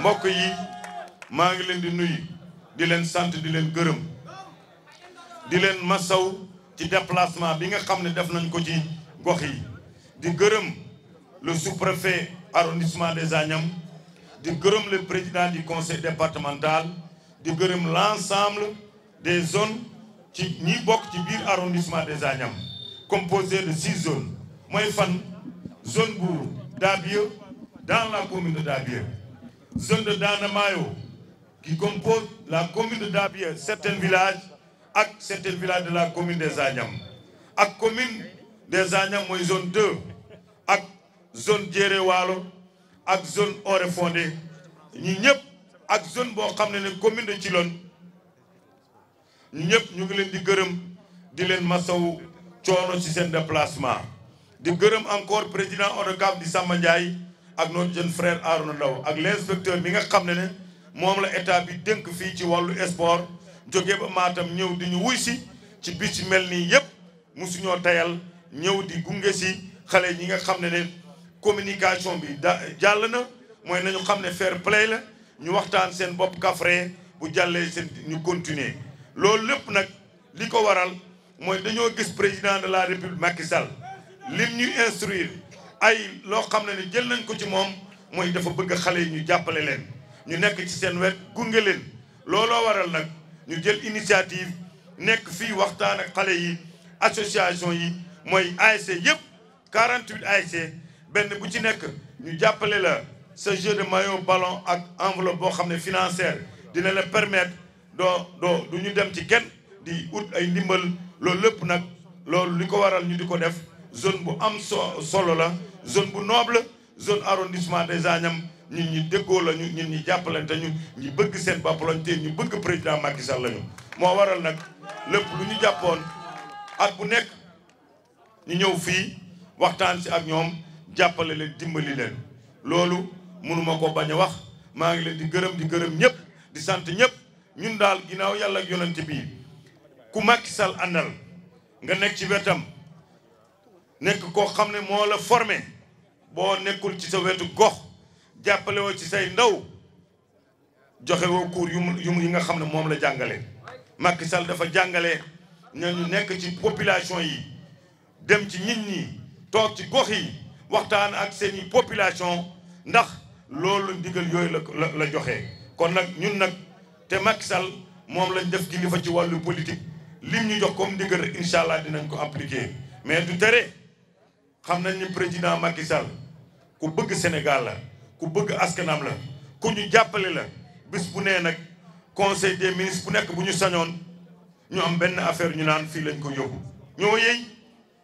mbokk yi maa ngi leen di nuyu di leen sant di leen gërëm di leen masaw ci déplacement bi nga xam ne def nañ ko ci gox di gërëm le sous-préfet arrondissement des Agnam di gërëm le président du conseil départemental di gërëm l'ensemble des zones ci ñi bokk ci biir arrondissement des Agnam composé de six zones mooy fan zone bu Dabieu dans la commune de Dabieu zone de Danamayo, qui compose la commune de Dabier, certains villages, et certains villages de la commune des Agnam. La commune des Agnam, c'est zone 2, la zone Djerewalo, la zone Orefondé. Nous une zone de la commune de Chilon. Nous sommes di qui masawu coono ci de déplacement di gërëm encore président ODCAV de Samba ak notre jeune frère Arouna Ndaw ak l'inspecteur bi nga xam ne ne moom la état bi dénk fii ci wàllu sport jóge ba Matam ñëw di ñu wuy si ci bis ci mel nii yëpp musuñoo teyal ñëw di gunge si xale yi nga xam ne ne communication bi da jàll na mooy nañu xam ne fair play la ñu waxtaan seen bopp kafre bu jàllee seen ñu continuer loolu lépp nag li ko waral mooy dañoo gis président de la république makisal Sall lim ñu instruire ay lo xam ni jël nañ ko ci mom moy dafa bëgg xalé ñu jappalé leen ñu nekk ci seen initiative nekk fi waxtaan ak association yi nous ASC 48 ASC benn bu ci nekk ñu la jeu de maillot ballon ak enveloppe financière dina permettre do do du dem ci kenn di ut ay ndimbal waral zone bu am so solo la zone bu noble zone arrondissement des Agnam ñun ñi déggoo lañu ñun ñi jàppalante ñu ñu bëgg seen bopp lañ te ñu bëgg président Macky Sall lañu moo waral nag lépp lu ñu jàppoon ak bu nekk ñu ñëw fii waxtaan si ak ñoom jàppale leen dimbali leen loolu mënuma ko bañ a wax maa ngi leen di gërëm di gërëm ñëpp di sant ñëpp ñun daal ginnaaw yàlla ak yonent bi ku Macky Sall àndal nga nekk ci wetam nek ko xam mo la formé bo nekul ci sa wetu gox jappalé wo ci say ndaw joxé wo cours yu yu yi nga xam ne la jangalé Macky Sall dafa jangalé ñu nek ci population yi dem ci nit ñi toog ci gox yi waxtaan ak seen population ndax loolu ndigal yoy la la la kon nak ñun nak té Macky Sall mom lañ def kilifa ci walu politique lim ñu jox comme ndigal inshallah dinañ ko appliquer mais du téré xam nañ ni président makisal ku bëgg Sénégal la ku bëgg askanam la ku ñu jàppale la bis bu nee nag conseil des ministres bu nekk bu ñu sañoon ñu am benn affaire ñu naan fii lañ ko yóbbu. ñoo yey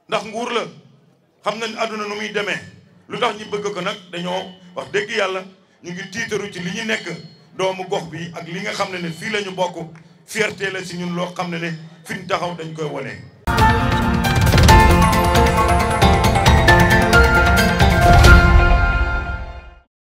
ndax nguur la xam nañ àdduna nu muy demee lu tax ñu bëgg ko nag dañoo wax dëgg yàlla ñu ngi tiitaru ci li ñu nekk doomu gox bi ak li nga xam ne ne fii la ñu bokk fierte la si ñun loo xam ne ne fi ñu taxaw dañ koy wane.